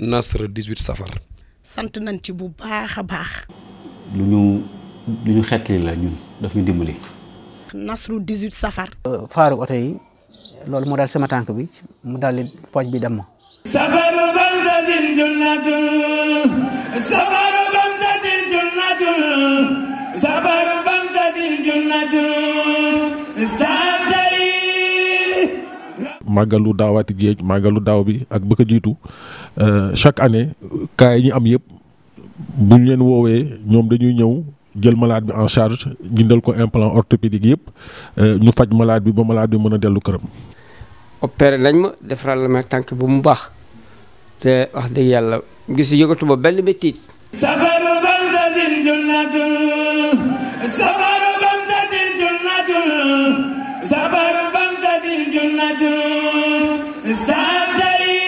Nasr 18 safar. sant nañ ci bu baax a baax. lu ñu lu ñu xetli la ñun daf ñu dimbali. Nasru 18 safar. faaru oto yi loolu moo daal sama tànk bi mu daal di pooj bi dem ma sabaru gamsatin junnatul sabaru gamsatin junnatul sabaru gamsatin junnatul saantari màggalu daawaati géej màggalu daaw bi ak bëgg a jiitu euh, chaque année cas yi ñu am yëpp buñ leen woowee ñoom dañuy ñëw jël malade bi en charge jëndal ko implant orthopédique yëpp euh, ñu faj malade bi ba malade bi mën a dellu këram. opéré nañ ma defaral ma tànk bu mu baax te wax dëgg yàlla gis yëgatu ba benn méttiit safaru bamsatin junnatul safaru bamsatin junnatul safaru bamsatin junnatul saatari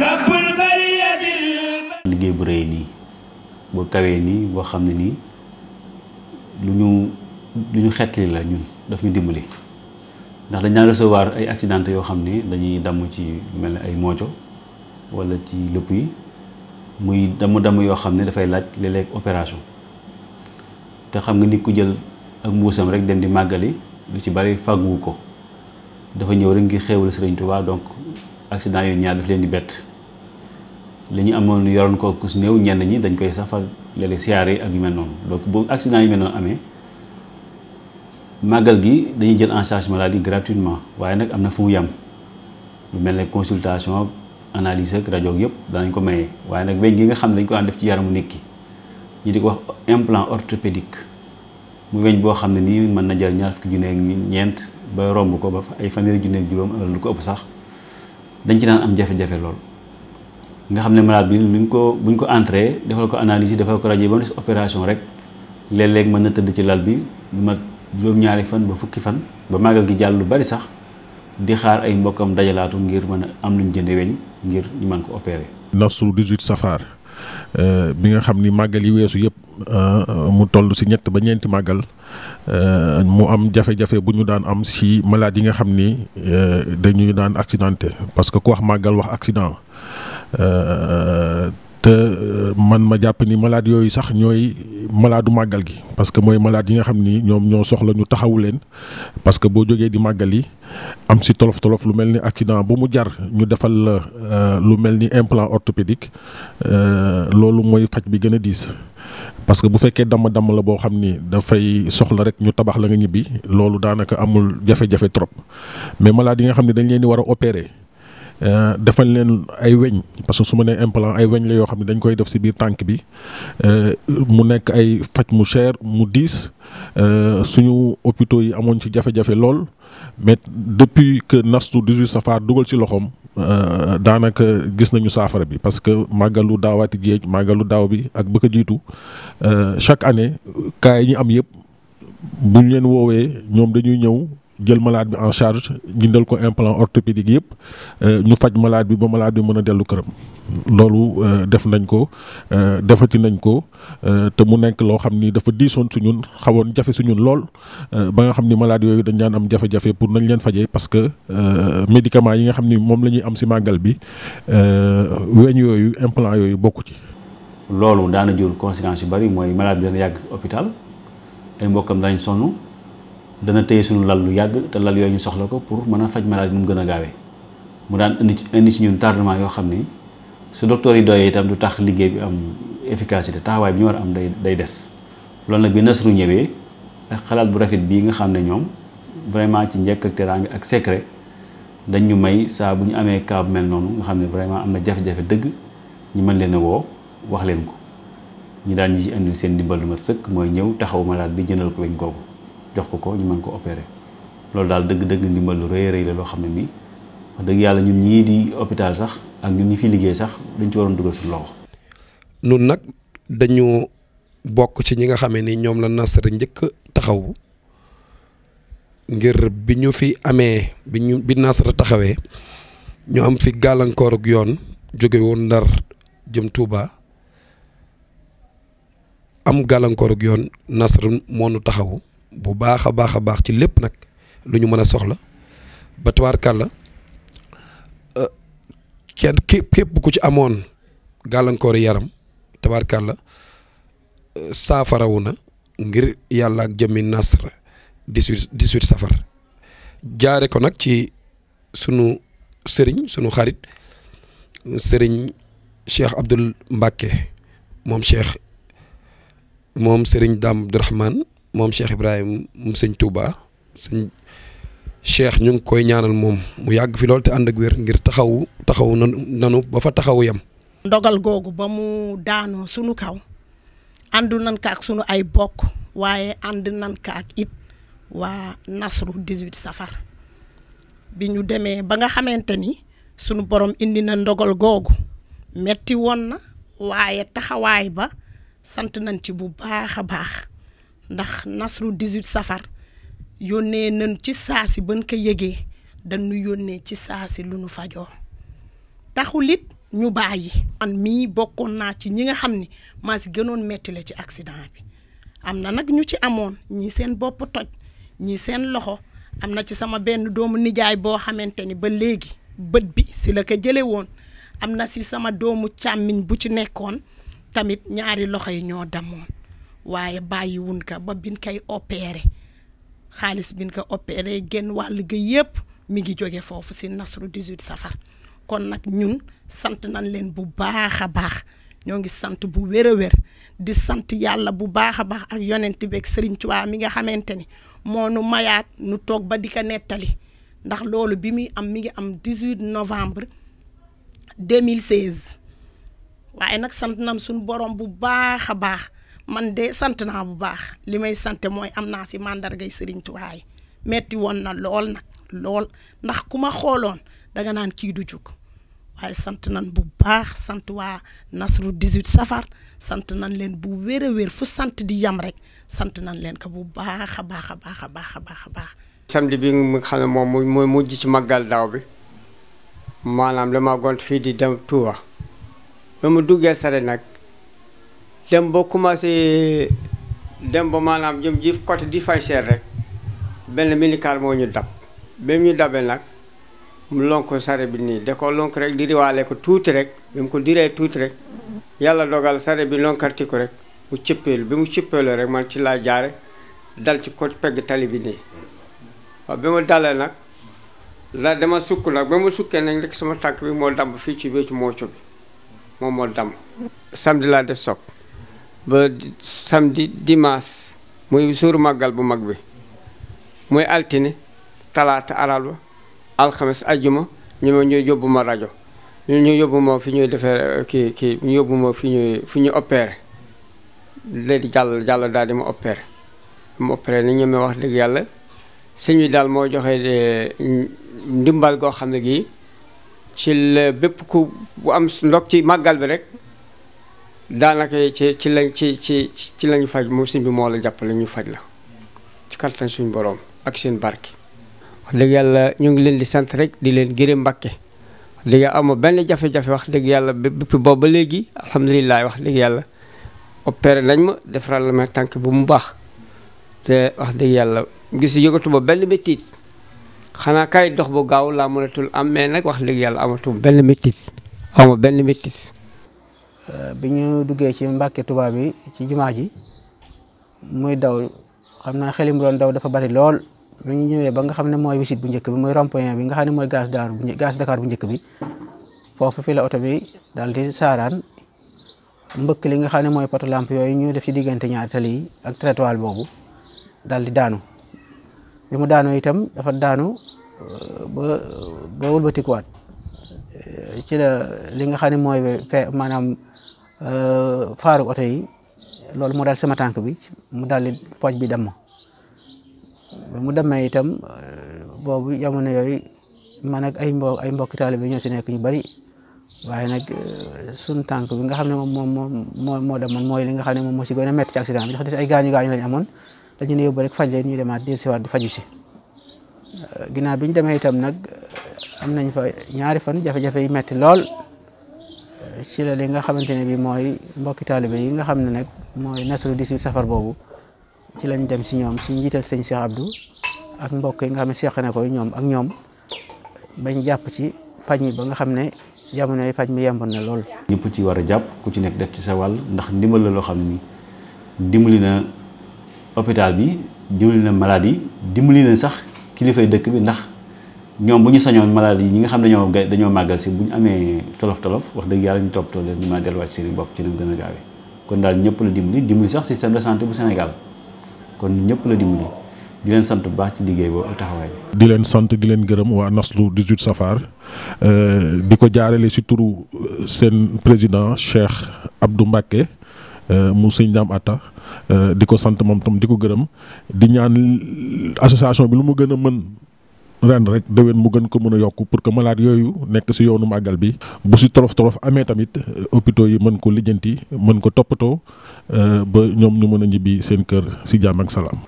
rabbul bariyatil liggéey bu rëy nii boo kawee nii boo xam ne nii lu ñu lu ñu xetli la ñun daf ñu dimbali ndax dañ daan ay accident yoo xam ne dañuy damm ci mel ne ay moojo wala ci lëpp yi muy damm-damm yoo xam ne dafay laaj léeg-léeg te xam nga nit ku jël ak mbuusam rek dem di màggali lu ci bari fàgguwu ko dafa ñëw rek ngir xéewal Sëriñ Tuubaa donc accident yooyu ñaar daf leen di bett li ñu amoon yoroon ko kus néew ñenn ñi dañ koy safal léeg-léeg ak yu mel noonu donc bu accident yu mel noonu amee màggal gi dañuy jël en charge maladie gratuitement waaye nag am na fu mu yem lu mel ne consultation analyse ak rajo yëpp danañ ko may waaye nag weñ gi nga xam ne dañ ko def ci yaramu nit ki ñu di ko wax implant orthopédique mu weñ boo xam ne nii mën na jar ñaar fukki junne ak ñeent ba romb ko ba ay fanweeri junne ak juróom lu ko ëpp sax dañ ci daan am jafe-jafe lool. nga xam ne malade bi luñ ko buñ ko entré defal ko analyse defal ko rajo yi ba mu des opération rek léeg-léeg mën na tëdd ci lal bi lu mat juróom-ñaari fan ba fukki fan ba màggal gi jàll lu bari sax. di xaar ay mbokkam dajalaatu ngir mën a am lu ñu jënde weñ ngir ñu mën ko opérer. Nafsu 18 safar euh, bi nga xam ni màggal yi weesu yëpp euh, mu toll si ñett ba ñeenti màggal euh, mu am jafe-jafe bu ñu daan am si malaat yi nga xam ni dañuy daan accidenté parce que ku wax màggal wax accident. te euh, man ma jàpp ni malaad yooyu sax ñooy malaadu màggal gi parce que mooy malaad yi nga xam ni ñoom ñoo soxla ñu taxawu leen parce que boo jógee di màggali am si tolof tolof lu mel ni accident bu mu jar ñu defal la euh, lu mel ni implant orthopédique euh, loolu mooy faj bi gën a diis. parce que bu fekkee damm-damm la boo xam ni dafay soxla rek ñu tabax la nga ñibbi loolu daanaka amul jafe-jafe trop mais malade yi nga xam ne dañ leen di war a opérer. Euh, defal leen ay weñ parce que su ma nee implant ay weñ la yoo xam ne dañ koy def si biir tànk bi euh, mu nekk ay faj mu cher mu diis euh, suñu hôpitaux yi amoon ci jafe-jafe lool mais depuis que Nastou 18 Safar dugal ci loxoom daanaka gis nañu saafara bi parce que màggalu daawaati géej màggalu daaw bi ak bëgg a jiitu chaque année cas yi ñu am yëpp buñ leen woowee ñoom dañuy ñëw. jël malade bi en charge jëndal ko implant orthopédique yëpp euh, ñu faj malade bi ba malade bi mën a dellu këram loolu euh, def nañ ko euh, defati nañ ko te mu nekk loo xam ni dafa diisoon su ñun xawoon jafe su ñun lool ba nga xam ni malade yooyu dañ daan am jafe-jafe pour nañ leen fajee parce que médicament yi nga xam ni moom la ñuy am si màggal bi weñ yooyu implant yooyu bokk ci. loolu daana jur conséquences yu bari mooy malade bi dana yàgg hôpital ay mbokkam dañ sonn. dana téye suñu lal lu yàgg te lal yooyu ñu soxla ko pour mën a faj maladie nu mu gën a gaawee mu daan indi ci indi ci ñun tardement yoo xam ni su docteur yi doyee itam du tax liggéey bi am efficacité taxawaay bi ñu war am day day des loolu nag bi nasru ñëwee ak bu rafet bii nga xam ne ñoom vraiment ci njëkk ak teraanga ak secret dañ ñu may saa bu ñu amee cas bu mel noonu nga xam ne vraiment am na jafe-jafe dëgg ñu mën leen a woo wax leen ko ñu daan ñu ci indil seen dimbal lu mat sëkk mooy ñëw taxaw laat bi jëndal ko bañ kooku jox ko ko ñu mën ko opérer loolu daal dëgg-dëgg ndimbal lu rëy rëy la loo xam ne nii dëgg yàlla ñun ñii di hôpital sax ak ñun ñi fi liggéey sax dañ ci waroon dugal suñu loxo. nun nag dañu bokk ci ñi nga xamee ni ñoom la Nasr njëkk taxaw ngir bi ñu fi amee bi ñu bi Nasr taxawee ñu am fi gàllankooruk yoon jóge woon Ndar jëm tuubaa am gàllankooruk yoon Nasr moo nu taxaw. bu baax a baax a baax ci lépp nag lu ñu mën a soxla ba tubaarkàlla euh, kenn képp képp ku ci amoon gàllankoori yaram tubaarkàlla euh, saafarawu na ngir yàlla ak jëmmi nasr 18 18 safar jaare ko nag ci sunu sëriñ sunu xarit sëriñ cheikh Abdoul Mbacke moom cheikh moom sëriñ Dame Abdourahmane moom Cheikh Ibrahim mu sëñ Touba sëñ Cheikh ñu ngi koy ñaanal moom mu yàgg fi lool te ànd ak wér ngir taxawu taxawu nanu ba fa taxawu yam. ndogal googu ba mu daanoo sunu kaw àndu nan ka ak sunu ay bokk waaye ànd nan ka ak it waa Nasru 18 safar bi ñu demee ba nga xamante ni sunu borom indi na ndogal googu metti woon na waaye taxawaay ba sant nañ ci bu baax a baax. ndax nas nasru 18 safar yónnee nañ ci saa saasi ban ko yëgee dañu yónnee ci saasi lu nu fajoo taxul it ñu bàyyi. man mii bokkoon naa ci ñi nga xam ni maa si gënoon metti la ci accident bi am na nag ñu ci amoon ñi seen bopp toj ñi seen loxo am na ci sama benn doomu nijaay boo xamante ni ba léegi bët bi si la ko jëlee woon am na ci sama doomu càmmiñ bu ci nekkoon tamit ñaari loxo yi ñoo damoon. waaye bàyyi ka ba bin kay opéré xaalis bin ko opéré genn wàll ga yëpp mi ngi jóge foofu si Nasru 18 safar kon nag ñun sant nañ leen bu baax a baax ñoo ngi sant bu wér a wér di sant yàlla bu baax a baax ak yonent bi ak Serigne Touba mi nga xamante ni moo nu mayaat nu toog ba di ko nettali ndax loolu bi muy am mi ngi am 18 novembre 2016 waaye nag sant nañ suñu borom bu baax a baax man de sant naa bu baax li may sant mooy am naa si màndargay Sëriñ Tuubaa metti woon na lool nag lool ndax ku ma xooloon danga naan kii du jug waaye sant nan bu baax sant waa Nasru 18 safar sant nan leen bu wér wér fu sant di yam rek sant nan leen ko bu baax a baax a baax a baax a baax a bi mu xam moom mu mujj ci màggal daaw bi maanaam dama gont fii di dem Touba ba mu duggee sare nag. dem ba commencé dem ba maanaam jëm ji côté di fay cher rek benn minicar moo ñu dab ba ñu dabe nag mu lonk sare bi nii da ko lonk rek di riwaale ko tuuti rek bi mu ko diree tuuti rek yàlla dogal sare bi lonkarti ko rek mu cëppeelu bi mu cëppeelu rek man ci laa jaare dal ci côté pegg tali bi nii waaw bi ma dalee nag la dama sukk nag ba ma sukkee nag rek sama tànk bi moo damb fii ci wéccu mooco bi moom moo damb de laa def soog ba samedi dimanche muy suuru màggal bu mag bi muy altine talaata alarba alxames ajjuma ñu ma ñu yóbbu ma rajo ñu yóbbu fi ñuy defee eh, kii kii ñu yóbbu fi ñuy fi ñuy opéré léegi jàll jàll daal di ma opéré ma opéré ni ñu wax dëgg yàlla sëñ bi daal moo joxe eh, ndimbal goo xam ne gii ci la bépp ku bu am ndog ci màggal bi rek daanaka ci ci lañ ci ci ci lañ faj moom sëñ bi moo la jàppale ñu faj la ci kattan suñu boroom ak seen barki wax dëgg yàlla ñu ngi leen di sant rek di leen gërëm mbàkke wax dëgg yàlla amoo benn jafe wax dëgg yàlla bépp boobu ba léegi alhamdulilah wax dëgg yàlla opéré nañ ma defaral ma tànk bu mu baax te wax dëgg yàlla gis yëgatu ba benn métit xanaa kay dox bu gaaw laa mënatul am nag wax dëgg yàlla amatul benn métit amoo benn métit. Euh, bi ñu duggee ci mbàkke Tuubaa bi ci jumaa ji muy daw xam naa xelim doon daw dafa bari lool bi ñu ñëwee ba nga xam ne mooy visite bu njëkk bi muy rond-point bi nga xam ne mooy gaz Dakar bu gaz Dakar bu njëkk bi foofu fi la oto bi daal di saaraan mbëkk li nga xam ne mooy poto lampe yooyu ñu def ci diggante ñaari tali ak trottoir boobu daal di daanu bi mu daanu itam dafa daanu euh, ba ba wëlbatikuwaat euh, ci la li nga xam ne mooy maanaam. Euh, faaru oto yi loolu moo daal sama tànk bi mu daal di pooj bi dem mu ma itam euh, boobu jamono yooyu man ak ay mbokk ay mbokki taalibe ñoo si nekk ñu bari waaye nag euh, sunu tànk bi nga xam ne moom moom moo moo demoon mooy li nga xam ne moom moo si gën a métti ci accident bi ndax des ay gaañu gaañu lañ amoon dañu ne yóbbu rek faj leen ñu demaat di di faju si ginnaaw bi ñu demee itam nag am nañ fa ñaari fan jafe-jafe yi metti lool. ci la li nga xamante ne bi mooy mbokki taalibe yi nga xam ne nag mooy di 18 safar boobu ci lañ dem si ñoom si njiital sañ Cheikh Abdou ak mbokk yi nga xam ne seex ne ko ñoom ak ñoom bañ jàpp ci paj mi ba nga xam ne jamonoy yi paj mi yemb na lool. ñëpp ci war a jàpp ku ci nekk def ci sa wàll ndax ndimbal la loo xam ne nii dimbali na hôpital bi dimbali na malade yi dimbali na sax kilifay dëkk bi ndax. ñoom bu ñu sañoon malade yi ñi nga xam dañoo ga dañoo màggal si bu ñu amee tolof tolof wax dëgg yàlla ñu toppatoo leen ñu mën a delluwaat seen bopp ci nu mu kon daal ñëpp la dimbali dimbali sax système de santé bu Sénégal kon ñëpp la dimbali di leen sant bu baax ci liggéey boobu taxawaay bi. di leen sant di leen gërëm waa Naslu 18 Safar euh, di ko jaarale si turu euh, seen président Cheikh Abdou Mbacké euh, mu sëñ Dame Atta di ko sant moom tam di ko gërëm di bi lu ren rek déwén mu gën ko mën a yokk pour que malade yooyu nekk si yoonu màggal bi bu si tolof tolof amee tamit euh, hôpitaux yi mën ko lijjanti mën ko toppatoo euh, ba ñoom ñu mën a ñibbi seen kër si jàmm ak salaam.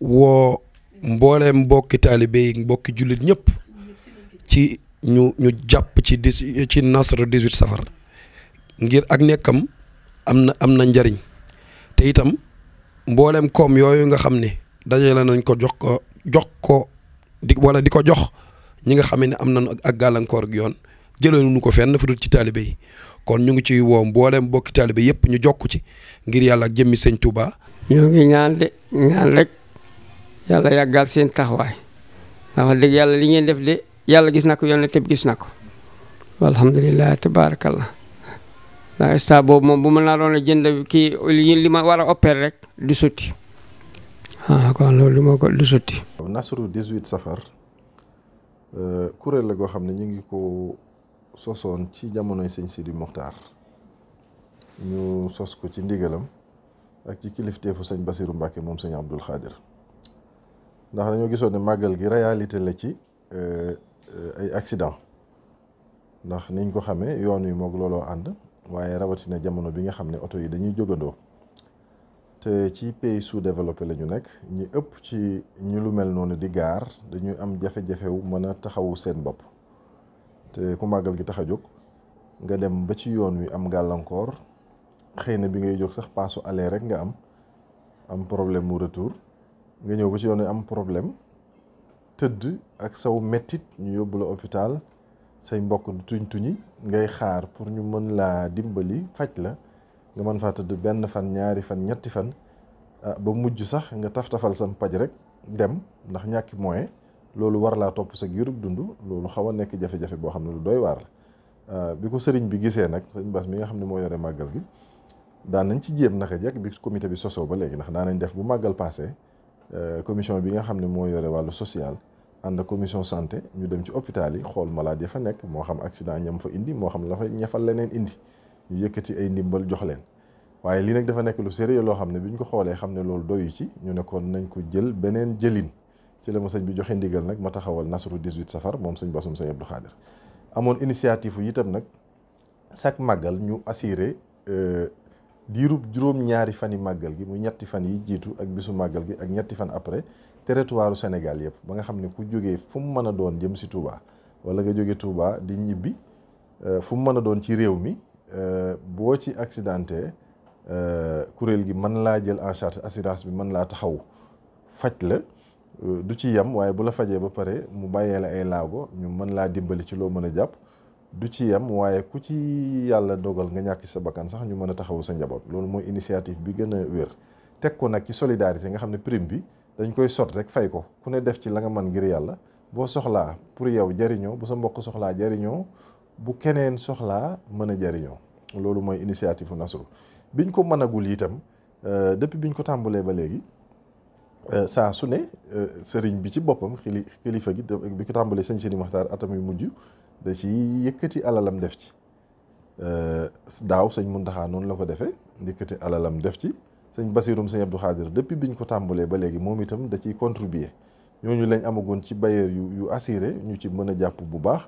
woo mbooleem mbokki taalibe yi mbokki jullit ñëpp ci ñu ñu jàpp ci dix ci nasr 18 safar ngir ak nekkam am na am na njariñ te itam mbooleem koom yooyu nga xam ne dajale nañ ko jox ko jox ko di wala di ko jox ñi nga xam ne am nañu ak gàllankoor ak yoon jëleenu ko fenn fu dul ci taalibe yi kon ñu ngi ciy woo mboolem bokki taalibe yëpp ñu jokku ci ngir yàlla jëmmi sëñ Touba. ñoo ngi ñaan de ñaan rek yàlla yàggal seen taxawaay ndax wax dëgg yàlla li ngeen def de yàlla gis na ko yonent bi gis na ko alhamdulilah tabaarakallah ndax instant boobu moom bu ma naa doon a jënd kii li ma war a opérer rek du sotti. ah kon loolu moo ko du sotti. Nasru 18 safar euh, kuréel la goo xam ne ñu ngi ko sosoon ci jamonoy sëñ Sidi Mokhtar ñu sos ko ci ndigalam ak ci kilifteefu sëñ Basiru Mbàkke moom sëñ Abdul Xaadir ndax dañoo gisoon ne màggal gi réalité la ci euh, ay accident ndax niñ ko xamee yoon wi moog looloo ànd waaye rawatina jamono bi nga xam ne oto yi dañuy jógandoo. te ci pays sous-développé la ñu nekk ñi ëpp ci ñi lu mel noonu di gaar dañuy am jafe-jafe wu mën a taxawu seen bopp te ku màggal gi tax a jóg nga dem ba ci yoon wi am gàllankoor xëy na bi ngay jóg sax paasu aller rek nga am am problème mu retour nga ñëw ba ci yoon wi am problème tëdd ak saw mettit ñu yóbbu la hôpital say mbokk tuñ tuñi ngay xaar pour ñu mën laa dimbali faj la. nga mën faa tëdd benn fan ñaari fan ñetti fan ah, ba mujj sax nga taftafal sam paj rek dem ndax ñàkki moyen loolu war laa topp sa giirug dund loolu xaw a nekk jafe-jafe boo xam ne lu dooy waar la ah, bi ko sëriñ bi gisee nag sëriñ Bass mi nga xam ne moo yore màggal gi daan nañ ci jéem naka jekk bi comité bi sosoo ba léegi ndax daan nañ def bu màggal passé eh, commission bi nga xam ne moo yore wàllu social ànd ak commission santé ñu dem ci hôpital yi xool malade ya fa nekk moo xam accident ñam fa indi moo xam la fa ña fa neen indi ñu yëkkati ay ndimbal jox leen waaye lii nag dafa nekk lu sérieux loo xam ne bi ñu ko xoolee xam ne loolu doyu ci ñu nekkoon nañ ko jël beneen jëlin ci la ma sëñ bi joxe ndigal nag ma taxawal Nasru 18 safar moom sëñ Basum sëñ Abdou Khadir amoon initiative yi itam nag chaque màggal ñu assuré euh, diirub juróom-ñaari fan yi màggal gi muy ñetti fan yi jiitu ak bisu màggal gi ak ñetti fan après territoire Sénégal yëpp ba nga xam ne ku jógee fu mu mën a doon jëm si Touba wala nga jóge Touba di ñibbi euh, fu mën a doon ci réew mi Euh, boo ci accidenté euh, kuréel gi mën laa jël en charge assurance bi man laa taxaw faj la euh, du ci yem waaye bu la fajee ba pare mu bàyyee la ay laago ñu mën laa dimbali ci loo mën a jàpp du ci yem waaye ku ci yàlla dogal nga ñàkk sa bakkan sax ñu mën a taxawu sa njaboot loolu mooy initiative bi gën a wér teg ko nag ci solidarité nga xam ne prime bi dañ koy sot rek fay ko ku ne def ci la nga man ngir yàlla boo soxlaa pour yow jariñoo bu sa mbokk soxlaa jariñoo bu keneen soxlaa mën a jariñoo loolu mooy initiative u Nasru biñ ko mënagul itam euh, depuis biñ ko tàmbalee ba léegi euh, saa su ne euh, sëriñ bi ci boppam xili xilifa gi bi ko tàmbalee sëñ Sidi Maxtaar atam yu mujj da ci yëkkati alalam def ci daaw sëñ Muntaxa noonu la ko defee yëkkati alalam def ci sëñ Basirum sëñ Abdou Xaadir depuis biñ ko tàmbalee ba léegi moom itam da ciy contribuer ñooñu lañ amagoon ci bailleur yu yu ñu ci mën a jàpp bu baax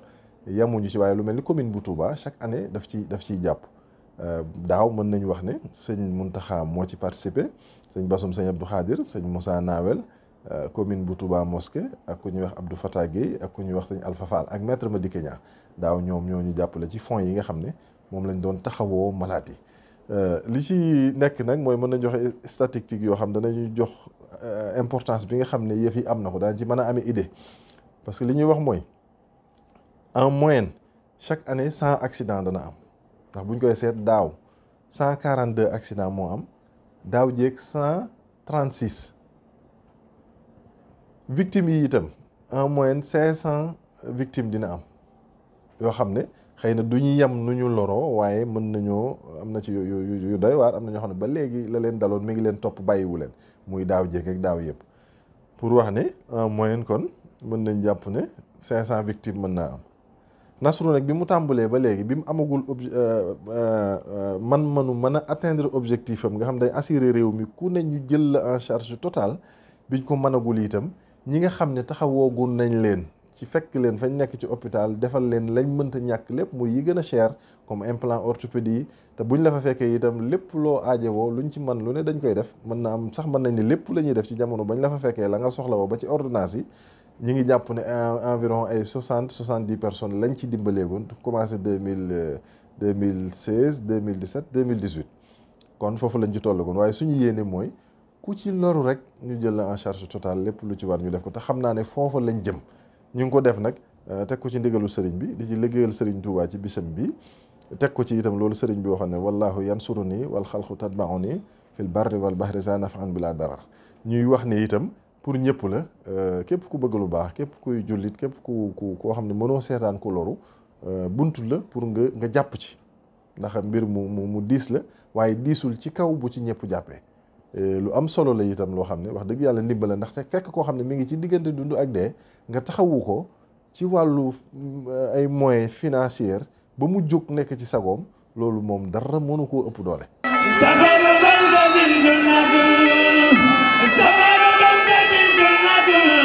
yemuñu ci waaye lu mel ni commune bu Touba chaque année daf ci daf ciy jàpp euh, daaw mën nañu wax ne sëñ Muntaxa moo ci participé sëñ Basum sëñ Abdou xaadir sëñ Moussa naawel euh, commune bu Touba Mosquée ak ku ñuy wax Abdou Fatah ak ku ñuy wax sëñ Alpha Fall ak maître Madické Niang daaw ñoom ñoo ñu jàppale ci fonds yi nga xam ne moom lañ doon taxawoo malade yi euh, li ci nekk nag mooy mën na joxe statistique yoo xam danañu jox importance bi nga xam ne yëf fi am na ko daañu ci mën a amee idée parce que li ñuy wax mooy. en moyenne chaque année cent accident dana am ndax bu koy seet daaw cent quarante deux accident moo am daaw jéeg cent trente six victimes yi itam en moyenne cinq cent victimes dina am yoo xam ne xëy na du ñu yem nu ñu loro waaye mën nañoo am na ci yu yu doy waar am na ñoo xam ne ba léegi la leen daloon mi ngi leen topp bàyyiwu leen muy daaw jéeg ak daaw yëpp pour wax ne en moyenne kon mën nañ jàpp ne cinq cent victime mën naa am. Nasru nag bi mu tàmbalee ba léegi bi mu amagul euh, euh, euh, man-manu mën a attendre objectif am nga xam day assurer réew mi ku ne ñu jël en charge totale biñ ko mënagul itam ñi nga xam ne taxawoogun nañ leen ci fekk leen fañ nekk ci hôpital defal leen lañ mënta ñàkk lépp mu yi gën a cher comme implant orthopédie te buñ la fa fekkee itam lépp loo aajowoo luñ ci man lu ne dañ koy def mën na am sax mën nañ ne lépp la ñuy def ci jamono bañ la fa fekkee la nga soxla woo ba ci ordonnance yi ñu ngi jàpp ne environ ay soixante soixante dix personnes lañ ci dimbaleegoon commencé deux mille euh, deux mille seize deux mille dix sept deux mille dix huit kon foofu lañ ci tollagoon waaye suñu yéene mooy ku ci loru rek ñu jël la en charge totale lépp lu ci war ñu def ko te xam naa ne foofa lañ jëm ñu ngi ko def nag euh, teg ko ci ndigalu sëriñ bi di ci liggéeyal sëriñ Touba ci bisam bi teg ko ci itam loolu sëriñ boo xam ne wallaahu yansuru nii wal xalqu tatbauni fil barri wal bahri za nafan bila darar ñuy wax ne itam. pour ñëpp la euh, képp ku bëgg lu baax képp kuy jullit képp ku ku koo xam ne mënoo seetaan ku loru euh, bunt la pour nga nga jàpp ci ndax mbir mu mu diis la waaye diisul ci kaw bu ci ñëpp jàppee euh, lu am solo la itam loo xam ne wax dëgg yàlla ndimbala ndax te fekk koo xam ne mu ngi ci diggante dund ak dee nga taxawu ko ci wàllu ay moyens financiers ba mu jóg nekk ci sagoom loolu moom dara mënu koo ëpp doole.